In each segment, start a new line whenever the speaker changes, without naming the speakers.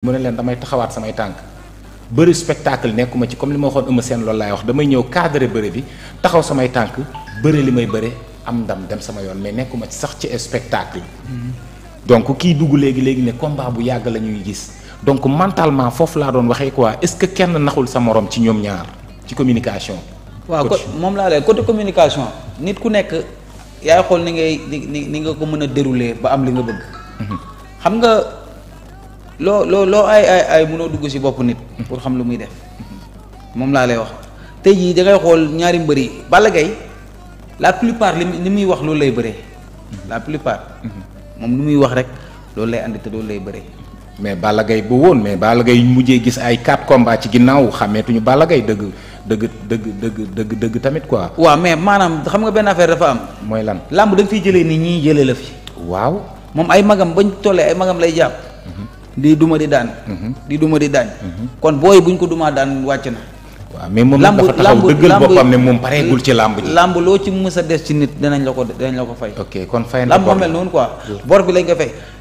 mu ne leen damay taxawaat samay tànk bëri spectacle nekkuma ci comme li ma waxoon ëmb seen loolu laay wax damay ñëw cadre bëri bi taxaw samay tànk bëri li may bëri am ndam dem sama yoon mais nekkuma ci sax ci spectacle. donc kii dugg léegi léegi ne combat bu yàgg la ñuy gis donc mentalement foofu laa doon waxee quoi est-ce que kenn naxul sa moroom ci ñoom ñaar ci communication.
waaw côté moom laa lay côté communication nit ku nekk yaay xool ni ngay ni ni nga ko mën a dérouler ba am li nga bëgg. Mhm. loo loo loo ay ay ay mënoo dugg si bopp nit. pour xam lu muy def moom laa lay wax tey jii da xool ñaari mbër yi Balla Gaye la plupart li li muy wax loolu lay bëree la plupart. moom lu muy wax rek loolu lay andi te doolu lay bëree. mais Balla gay bu
woon mais Balla Gaye mujjee gis ay quatre combats ci ginnaaw xàmmeetuñu Balla gay dëgg dëgg dëgg dëgg dëgg dëgg tamit quoi.
waa mais maanaam xam nga benn affaire dafa am. mooy lan làmb da nga jëlee ni ñii jëlee la fi. waaw moom ay magam bañ tollee ay magam lay jàpp. Mhm. di duma di daan. Mhm. di duma di daan. Mhm. kon booy buñ ko dumaa daan wàcc na.
waaw mais moom dafa taxaw dëggal boppam ne moom pareegul ci làmb ji.
làmb loo ci mës a des ci nit danañ la ko danañ la ko fay. ok kon fay na làmb moo mel noonu quoi. bor bi lañ ko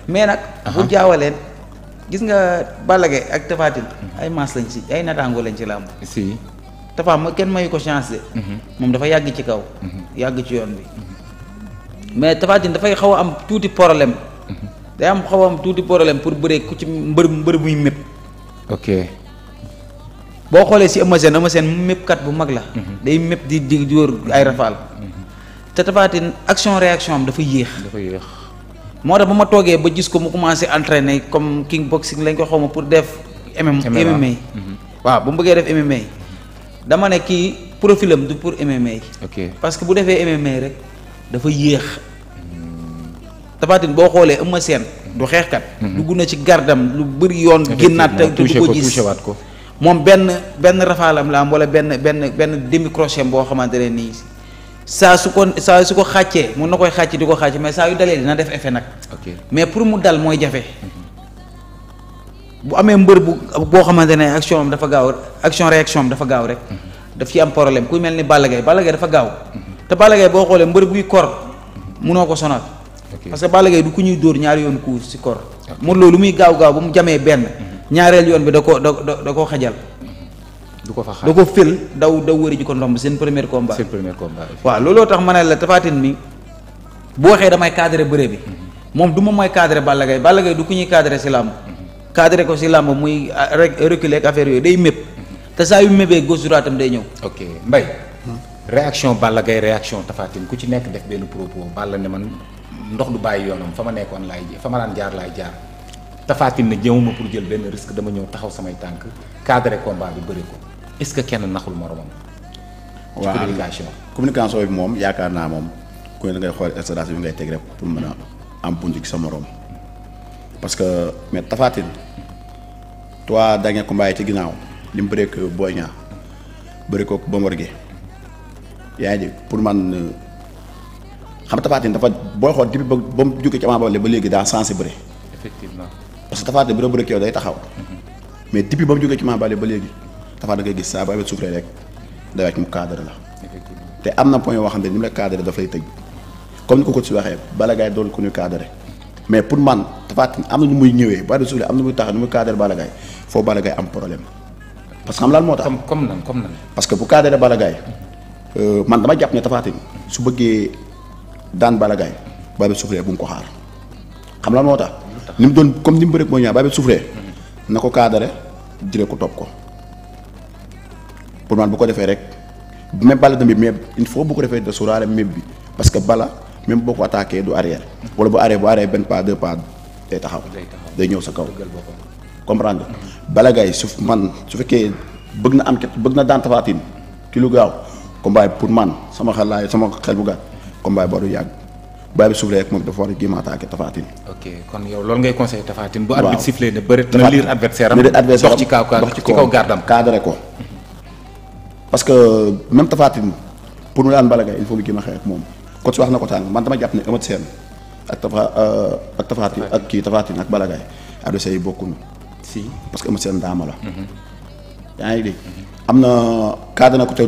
mais nag. gis nga Balla ak Tapha mhm. ay maas lañ si ay nataango lañ ci làmb. si Tapha ma kenn mayu ko chance de. moom dafa yàgg ci kaw. yàgg ci yoon bi mais Tapha Tine dafay xaw a am tuuti problème. day am xaw am tuuti problème pour bëree ku ci mbër mbër muy mépp ok boo xoolee si Eumeu Sène Eumeu Sène méppkat bu mag la mhm. day mépp di di dóor ay rafaal mhm. te Tapha action réaction am dafa yéex dafa yéex moo tax ba ma toogee ba gis ko mu commencé entraîner comme king boxing lañ ko xaw ma pour def MMA waaw mhm. bu mu bëggee def MMA dama ne kii profilam du pour MMA ok parce que bu defee MMA rek dafa yéex Tapha boo xoolee Eumeu Sène du xeexkat. Mm-hmm. dugg na ci gardam lu bëri yoon. génnaat te du ko gis ko moom benn benn rafaalam la am wala benn benn benn demi crochet boo xamante ne nii saa su ko saa su ko xàccee mun na koy xàccee di ko xàcc mais saa yu dalee dina def effet nag. mais pour mu dal mooy jafe. Mm-hmm. bu amee mbër bu boo xamante ne action am dafa gaaw action réaction am dafa gaaw rek. Mm-hmm. daf ci am problème ku mel ni Balla Gaye dafa gaaw. te Balla Gaye boo ko sonal. parce que Balla du ku ñuy dóor ñaar yoon ku si kor Modou Lo muy gaaw gaaw ba mu jamee benn mhm. ñaareel yoon bi da ko da da koo xajal mhm. du ko fa xaar da ko fël daw daw wëri ji ko ndomb seen premier combat seen waaw looloo tax ma a la Tapha Tine mi bu waxee damay cadré bëre bi mhm. moom du ma mooy cadré Balla Gaye Balla Gaye du ku ñuy cadré si làmb cadré ko si làmb muy ah, rek reculer ak affaire yooyu day mépp te saa yu mébee gauche droite am day ñëw ok Mbaye hmm? réaction Balla Gaye réaction Tapha Tine ku ci nekk def benn propos Balla ne
ndox du bàyyi yoonam fa ma nekkoon laay fa ma daan jaar laay jaar tafaatin na jëmuma pour jël benn risque dama ñëw taxaw samay tànk cadré combat bi bëri ko est-ce que kenn naxul moromam.
waaw communication communication bi moom yaakaar naa moom ku ne ngay xool stratégie bi ngay teg rek pour mën a am bunt ci sa morom parce que mais tafaatin trois derniers combats yi ci ginnaaw li mu bëree ko Boy Niang bëri ko Bombardier yaa ngi pour man. xam Tapha Tine dafa booy xool depuis ba ba mu jógee ci Ama Baldé ba léegi daa sensé bëre. effectivement parce bu doon bëre ak day taxaw. Mm-hmm. mais depuis ba mu jógee ci Ama Baldé ba léegi Tapha da ngay gis saa ba awet soufflé rek day wàcc mu cadre la. am na point yoo xam ne ni mu la cadré daf lay tëj comme ni ko ko ci waxee Balla Gaye ko ñu mais pour man Tapha Tine am na nu muy ñëwee ba awet soufflé am na muy taxaw nu muy cadré Balla Gaye foo Balla Gaye am problème parce que xam lan moo tax. comme comme parce que bu cadré Balla Gaye mm-hmm. euh, man dama jàpp ne Tapha su bëggee daan Balla Gaye Babel Souffré bu mu ko xaar xam na moo tax. ni mu doon comme ni mu bëri mooy ñaar Babel Souffré. na ko kaadare jëlee ko topp ko pour man bu ko defee rek même Balla tamit mais il faut bu ko defee de sóoraale bi parce que Balla même boo ko du arrière. wala bu bu arrière benn pas deux pas day taxaw. day ñëw sa kaw. comprendre nga. Balla Gaye su man su fekkee bëgg na am bëgg na daan Tapha Tine lu gaaw combat pour man sama xel sama xel bu gàtt. combat bi du yàgg bàyyi bi soufflé ak moom dafa war a jéem a attaqué Tapha Tine.
ok kon yow loolu ngay conseillé Tapha Tine. bu arbitre sifflé ne bëreet na liir adversaire am dox ci kaw ci kaw gardam
cadré ko parce que même Tapha Tine pour mu daan a na ko euh, mhm. na ko te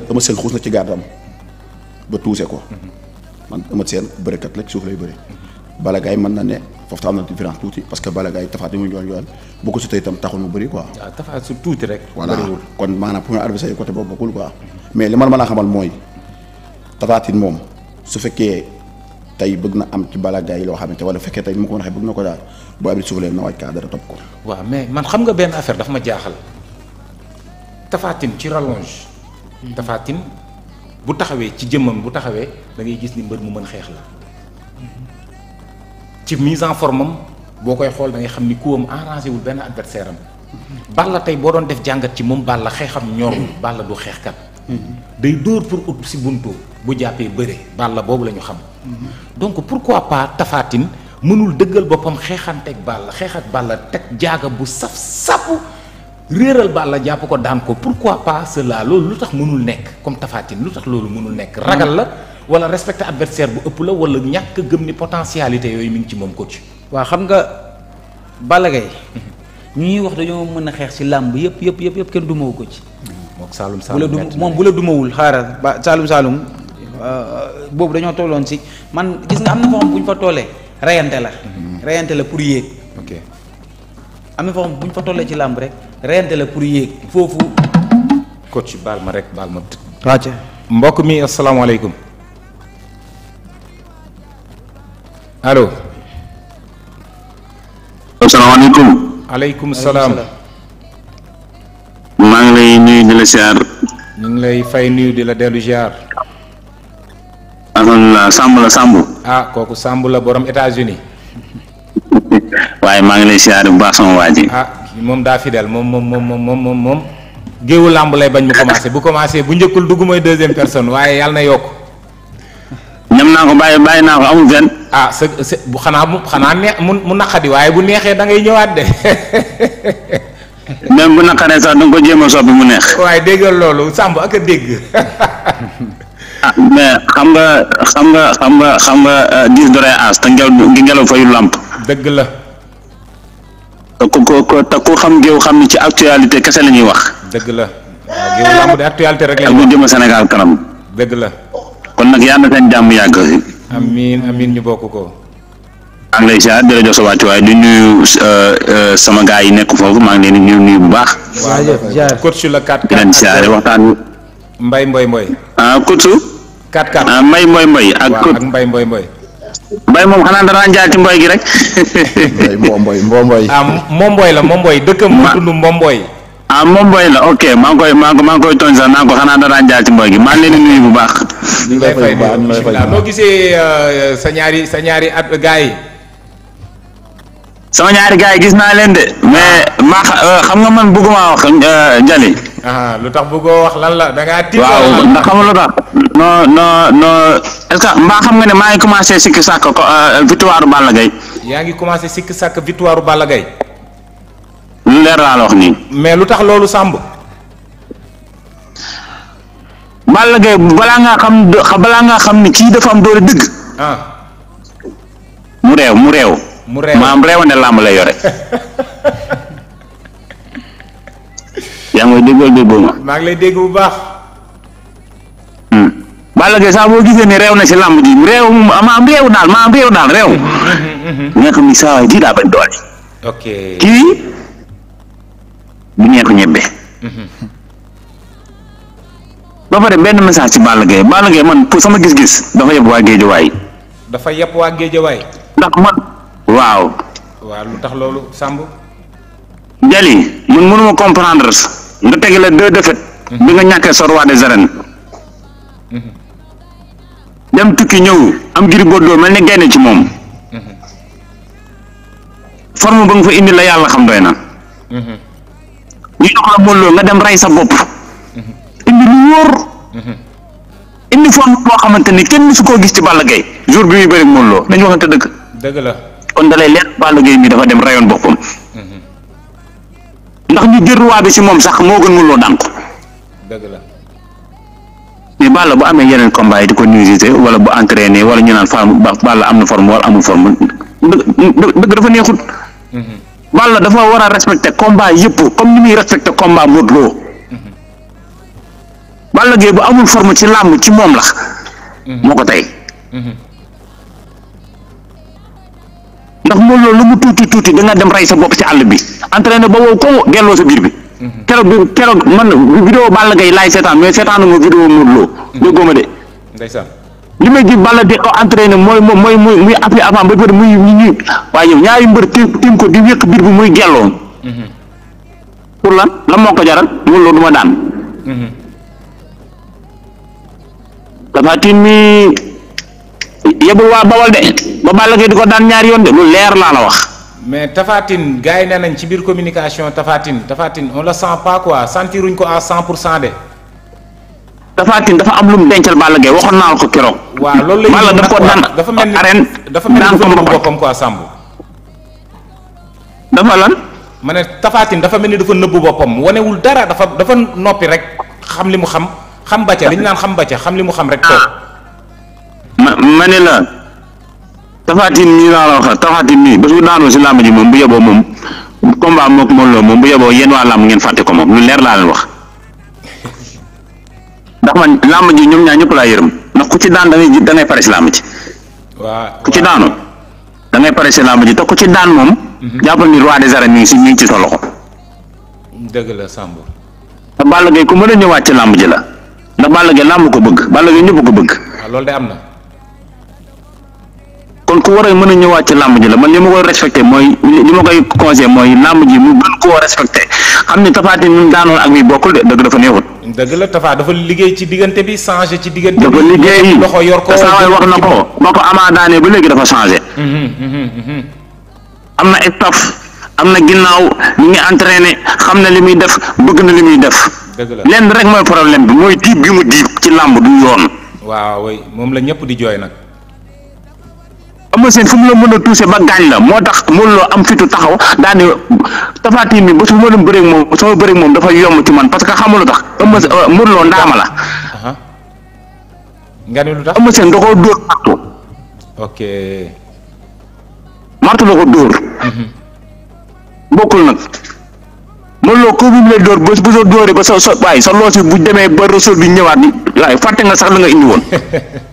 Eumeu xuus na ci gardam ba tuuse ko mhm. man Eumeu Sène bërekat rek suuf lay bëri Balla Gaye mën na ne foofu am na différence tuuti parce que Balla Gaye Tapha Tine mu joon joon bu ko sutee itam taxul mu
ah,
kon maanaam pour ñu arbitre say côté boobu li man a xamal mooy Tapha Tine moom su fekkee tey bëgg na am ci Balla Gaye loo xamante wala fekkee tey ni ma bëgg na ko daal boo arbitre suuf leen na
man xam nga benn affaire dafa ma jaaxal Tapha Tine ci rallonge. Hmm. Tapha Tine bu taxawee ci jëmmam bu taxawee da ngay gis ni mbër mu mën xeex la ci mise en formam boo koy xool da ngay xam ni kuwam arrangé wul benn adversaire am Balla tey boo doon def jàngat ci moom Balla xeexam ñorul Balla du xeexkat day dóor pour ut si buntu bu jàppee bëre Balla boobu lañu xam donc pourquoi pas Tapha Tine mënul dëggal boppam xeexanteeg Balla xeex ak Balla teg jaaga bu saf sapu réeral la jàpp ko daan ko pourquoi pas cela loolu lu tax mënul nekk comme Tapha lu tax loolu mënul nekk ragal la wala respecter adversaire bu ëpp la wala ñàkk a gëm ni potentialité yooyu mu ngi ci moom ko ci
waa xam nga Balla ñu ñuy wax dañoo mën a xeex si làmb yëpp yëpp yëpp yëpp kenn dumawu ko ci mook Saalum Saalum bu la moom bu la dumawul xaaral ba Saalum Saalum euh, boobu dañoo tolloon si man gis nga am na foo xam bu fa tollee reyante la mhm. reyante la pour yéeg ok am na foo xam bu tollee ci làmb rek rente la pour yéeg foofu. coach baal ma rek baal ma. waaw
mbokk mi asalaamaaleykum allo. asalaamaaleykum. salaam. maa ngi lay nuyu di la ziar. ngi lay fay nuyu di la dellu ziar. alhamdulilah Samb la Samb. ah kooku Samb la borom États-Unis waaye maa ngi lay ziar bu baax moom daa fidèle moom moom moom moom moom moom géewu làmb lay bañ mu commencé bu commencé bu njëkkul dugg mooy deuxième personne waaye yàlla na yokk. ñam naa ko bàyyi bàyyi naa ko amul fen ah sa bu xanaa mu xanaa neex mu mu naqadi waaye bu neexee da ngay ñëwaat de. même bu naqaree sax da nga ko jéem a soppi mu neex. waaye déggal loolu sàmb ak a dégg. ah mais xam nga xam nga xam nga xam nga euh, diis doree aas te ngelaw ngelaw fayu làmp. dëgg la. ko ko ku xam géew xam ni ci actualité kese la ñuy wax. dëgg la waaw géew lamb rek la ñu jëm Sénégal kanam. dëgg la. kon nag yàlla na seen jàmm yàgg. amiin amiin ñu bokk ko. maa ngi lay ziar di la jox sa wàccuwaay di nuyu euh, euh, sama gars yi nekk foofu maa ngi leen di nuyu bu baax. waaw jërëjëf coach la 4 4 di leen mbay mboy mboy. ah coach. 4 4 ah mbay mboy mboy. ak coach mbay mboy mboy. mbay moom xanaa danaa jaar ci mboy gi rek. mbomboy mbomboy. ah mbomboy la mbomboy dëkkam. mu tudd mbomboy. ah mbomboy la ok maa ngi koy maa ngi koy tooñ sax naa ko xanaa danaa jaar ci mboy gi maa leen di nuyu bu baax. noo gisee euh, sa ñaari sa at gaa sama ñaari gaa yi gis naa leen de mais ah. euh, xam nga man bëgguma wax euh, Jali. Ah, lu tax bëggoo wax lan la da ngaa waaw ndax xam lu tax. non non non est-ce que mbaa xam nga ne maa ngi commencé sikk sàkk euh, victoire Balla Gaye yaa ngi commencé sikk sàkk victoire Balla Gaye lu leer laa la wax nii. mais lu tax loolu sàmb. Balla Gaye balaa ngaa xam balaa ngaa xam ni kii dafa am doole dëgg. Ah. mu réew mu réew. mu réew maam réewande làmb la yore. yaa ngi may déggool ma. maa ngi lay dégg bu baax. Balla Gaye saa boo gisee ne réew na si làmb ji mu maam réew daal maam réew daal réew nga xam mm-hmm. ni saa waay kii daa bañ doole. kii du ñeeku ñebbe. Mm-hmm. ba pare benn message ci Balla Gaye Balla Gaye man pour sama gis-gis dafa yëpp waa géejawaay. dafa yëpp waa géejawaay. ndax man waaw. tax loolu Samb. Jali man mënuma comprendre nga teg la deux défaites. Mm-hmm. bi nga ñàkkee sa roi des dem tukki ñëw am Gris Bordeaux mel ne gaynde ci moom forme ba nga fa indi la yàlla xam doy na ñu jox la Modou nga dem rey sa bopp indi lu wóor indi forme boo xamante ni kenn su koo gis ci Balla Gaye jour bi muy bëri Modou Lo waxante dëgg dëgg la kon dalay leer Balla Gaye mi dafa dem reyoon boppam ndax ñu jël roi bi moom sax moo gën Modou Lo daan la Balla bu amee yeneen combat yi di ko négligé wala bu entraîné wala ñu naan forme Balla am na forme wala amul forme dëgg dafa neexut. Mm-hmm. Balla dafa war a respecté combat yëpp comme ni muy respecté combat Modou Lo. Mm-hmm. Balla Gaye bu amul forme ci làmb ci moom la. Mm-hmm. moo ko tey. ndax Modou lu mu tuuti tuuti da nga dem rey sa bopp ci àll bi entraîné ba wow ko delloo sa biir bi. keroog bi keroog man vidéo Balla Gaye laay seetaan mais seetaanu ma vidéo Modou Lo déggoo ma de ndeysaan li may gis Balla di entraîné mooy mooy mooy muy appui avant ba pare muy ñu waaye yow ñaari mbër tim ko di wéq biir bi muy gelloon mhm. pour la lan moo ko jaral Modou Lo du ma daan mhm. dafa tin mi waa Bawol de ba Balla Gaye di ko daan ñaari yoon de lu leer laa la wax mais tafaatin gars yi nee nañ ci biir communication Tafatine Tafatine on le sent pas quoi sentiruñ ko à 100 pour cent de. dafa am lu mu dencal Balla Gaye waxoon naa la ko keroog. waaw loolu la ñuy wax dafa mel ni dafa mel ni dafa boppam quoi Samb. lan. ma ne dafa mel ni dafa nëbbu boppam wanewul dara dafa dafa noppi rek xam li mu xam xam ba ca li naan xam ba xam li mu xam rek. toog ma ne la. Tafatin mii laa la wax Tafatin mii bés bu daanoo si làmb ji moom bu yeboo moom combat mook Modou Lo moom bu yeboo yéen waa làmb ngeen fàtte ko moom lu leer laa leen wax ndax man làmb ji ñoom ñaa ñëpp laa yërëm ndax ku ci daan da ngay da ngay pare si làmb ji. waaw ku ci daanoo da ngay pare si làmb ji te ku ci daan moom. Mhm. jàppal ni roi des arènes mi ngi si mi ngi ci sa loxo. dëgg la Samb. te Balla Gaye ku mën a ñëwaat ci làmb ji la ndax Balla Gaye làmb ko bëgg Balla Gaye ñëpp ko bëgg. Ah, loolu de am kon ku war a mën a ñëwaat ci làmb ji la man li ma koy respecté mooy li ma koy conseillé mooy làmb ji mu gën koo respecté xam ni Tapha Tine daanoon ak mi bokkul de dëgg dafa neexut. dëgg la dafa liggéey ci diggante bi changé ci diggante bi. dafa liggéey loxo yor ko wax na ko ba ko Ama daanee ba léegi dafa changé. Mhm, mhm, mhm. am na staff am na ginnaaw mi ngi entraîné xam na li muy def bëgg na li muy def. lenn rek mooy problème bi mooy diib bi mu diib ci làmb du yoon. waaw moom Eumeu seen fu mu la mën a touché ba gaañ la moo tax mënu loo am fitu taxaw daa ne Tapha bi ba su ma doon bëreeg moom su ma bëreeg moom dafa yomb ci man parce que xamul lu tax Eumeu euh, mënu loo ndaama la. nga ne lu tax Eumeu Sène da martu. ok. ko dóor. Mhm. bokkul nag. mënu loo bu mu lay dóor ba bu soo dóoree ba sa so waaye sa loo si bu demee ba réseau bi ñëwaat waaye fàtte nga sax la nga indi woon.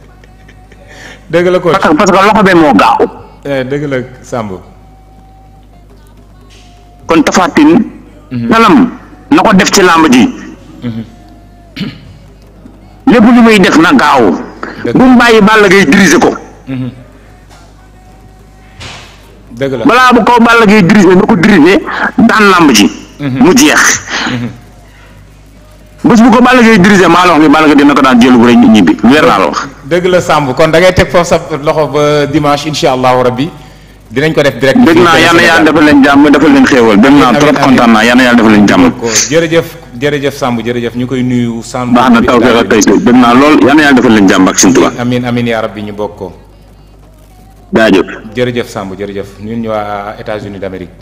dëgg la coach parce que parce que loxo bee moo gaaw. Eh, dëgg la Samb. kon Tapha Tine. xelam mhm. na ko def ci làmb ji. Mhm. lépp lu muy def na gaaw. bu mu bàyyi Balla Gaye diriger ko. Mhm. dëgg la balaa bu ko Balla Gaye diriger na ko diriger daan làmb ji. mu jeex. bés bu ko Balla Gaye diriger maa la wax ni Balla Gaye dina ko daan jël bu rek ñibbi weer laa la wax. dëgg la Samb kon da teg foofu sa loxo ba dimanche incha allahu rabbi dinañ ko def direct. dégg naa yàlla yàlla defal leen jàmm defal leen xéewal bég naa trop kontaan naa yàlla yàlla defal leen jàmm. jërëjëf jërëjëf jërëjëf ñu koy nuyu. Samb baax na taw naa lool yàlla yàlla defal leen jàmm ak suñu tubaab. amiin amiin ñu bokk ko. jërëjëf sàmbu jërëjëf ñun ñu waa États-Unis d'Amérique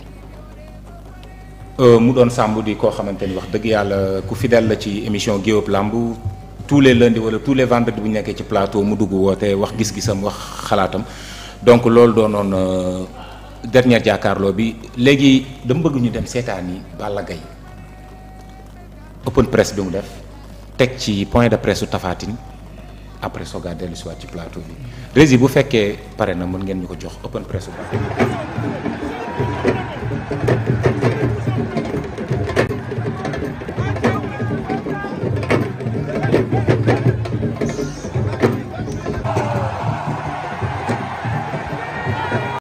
euh, mu doon Samb di koo xamante ni wax dëgg yàlla ku fidèle la ci émission Géop Lamb tous les lundis wala tous les vendredis bu ñu nekkee ci plateau mu dugg woote wax gis-gisam wax xalaatam donc loolu doonoon euh, dernier jàkkaarloo bi léegi dama bëgg ñu dem seetaan yi Balla Gaye open press bi mu def teg ci point de presse su Tapha après soga dellu si waat ci plateau bi rési bu fekkee pare na mën ngeen ñu ko jox open press bu